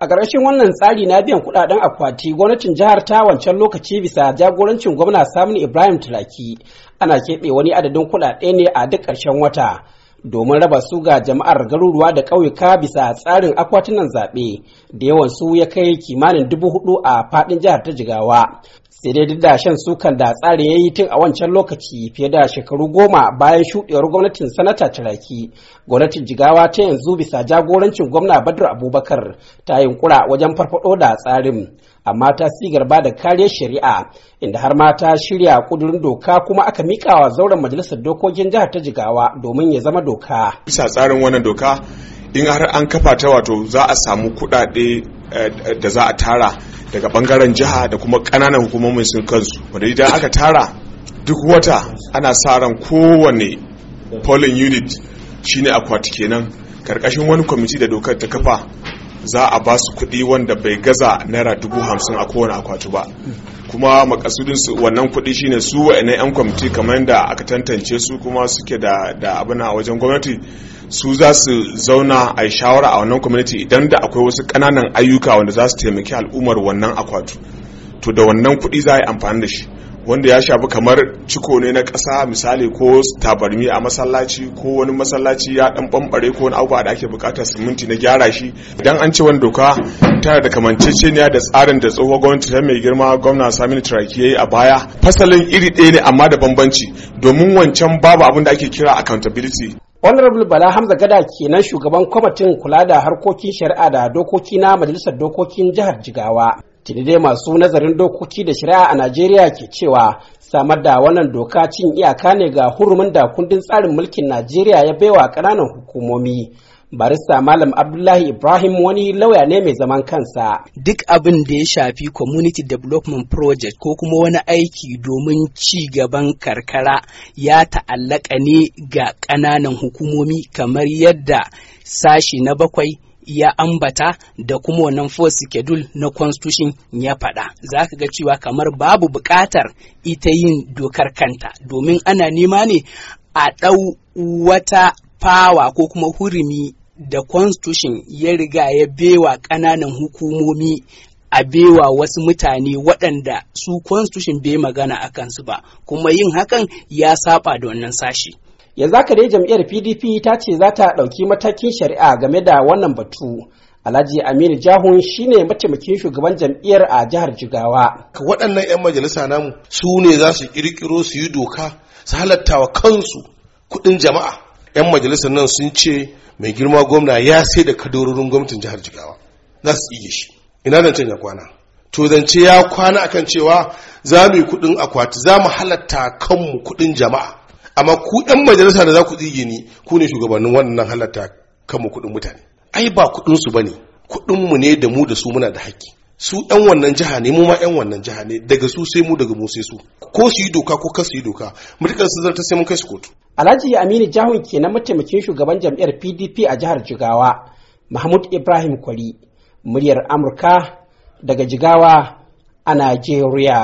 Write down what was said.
A ƙarshen wannan tsari na biyan kuɗaɗen akwati gwamnatin jihar ta wancan lokaci bisa jagorancin gwamna Saminu Ibrahim Tulaki ana keɓe wani adadin kuɗaɗe ne a duk ƙarshen wata domin raba su ga jama'ar garuruwa da ƙauyuka bisa tsarin akwatunan zaɓe da yawan su ya kai kimanin dubu hudu a faɗin jihar ta Jigawa. sai dai duk da shan sukan da tsari ya yi tun a wancan lokaci fiye da shekaru goma bayan shuɗewar gwamnatin sanata turaki, gwamnatin jigawa ta yanzu bisa jagorancin gwamna badar abubakar ta yunkura wajen farfado da tsarin amma ta sigar ba da kariyar shari'a inda har ma ta shirya kudurin doka kuma aka mikawa zauren majalisar dokokin jihar ta jigawa domin ya zama doka bisa tsarin wannan doka in har an kafa ta wato za a samu kuɗaɗe Eh, da za a tara daga bangaren jiha da kuma kananan hukumomin sun kansu wanda idan aka tara duk wata ana sa ran kowane polling unit shine akwati kenan karkashin wani kwamiti da dokar ta kafa za a ba su kuɗi wanda bai gaza naira dubu hamsin a kowane akwati ba kuma makasudin su wannan kuɗi shine su wa'annan 'yan kwamiti kamar da aka tantance su kuma suke da abin a wajen gwamnati su za su zauna a yi shawara a wannan community idan da akwai wasu ƙananan ayyuka wanda za su taimaki al'ummar wannan akwatu to da wannan kuɗi za a yi amfani da shi wanda ya shafi kamar ciko ne na ƙasa misali ko tabarmi a masallaci ko wani masallaci ya dan bambare ko wani abu da ake bukatar siminti na gyara shi idan an ce wani doka tana da kamanceceniya da tsarin da tsohuwar gwamnati ta mai girma gwamna saminu turaki ya a baya fasalin iri ɗaya ne amma da bambanci domin wancan babu abin da ake kira accountability honorable bala hamza gada kenan shugaban kwamitin kula da harkokin shari'a da dokoki na majalisar dokokin jihar jigawa Daidai masu nazarin dokoki da shari'a a najeriya ke cewa samar da wannan doka cin iyaka ne ga hurumin da kundin tsarin mulkin najeriya ya baiwa ƙananan hukumomi barista malam abdullahi ibrahim wani lauya ne mai zaman kansa duk abin da ya shafi community development project ko kuma wani aiki domin ci gaban karkara ya ta'allaka ne ga ƙananan hukumomi kamar yadda sashi na bakwai ya ambata da kuma wannan force schedule na constitution ya faɗa za ka ga cewa kamar babu buƙatar ita yin dokar kanta domin ana nema ne a ɗau wata fawa ko kuma hurumi da constitution ya riga ya bewa ƙananan hukumomi a bewa wasu mutane waɗanda su constitution bai magana a kansu ba kuma yin hakan ya saba da wannan sashi. yanzu haka dai jam'iyyar pdp ta ce za ta ɗauki matakin shari'a game da wannan batu alhaji aminu jahun shine mataimakin shugaban jam'iyyar a jihar jigawa waɗannan 'yan majalisa namu su ne za su ƙirƙiro su yi doka su halatta wa kansu kuɗin jama'a 'yan majalisar nan sun ce mai girma gwamna ya sai da kadurorin gwamnatin jihar jigawa za su iya shi ina zancen ya kwana to zance ya kwana akan cewa za mu yi kudin akwati za mu halatta kanmu kudin jama'a amma ku 'yan majalisa da za ku tsige ni ku ne shugabannin wannan halatta kanmu kudin mutane ai ba kudin su bane kudin mu ne da mu da su muna da haƙƙi su yan wannan jiha ne mu ma yan wannan jiha ne daga su sai mu daga mu sai su ko su yi doka ko kasu yi doka mutukar su zarta sai mun kai su kotu Alhaji Aminu Jahun kenan mataimakin shugaban jam'iyyar PDP a jihar Jigawa Mahmud Ibrahim Kwari muryar Amurka daga Jigawa a Najeriya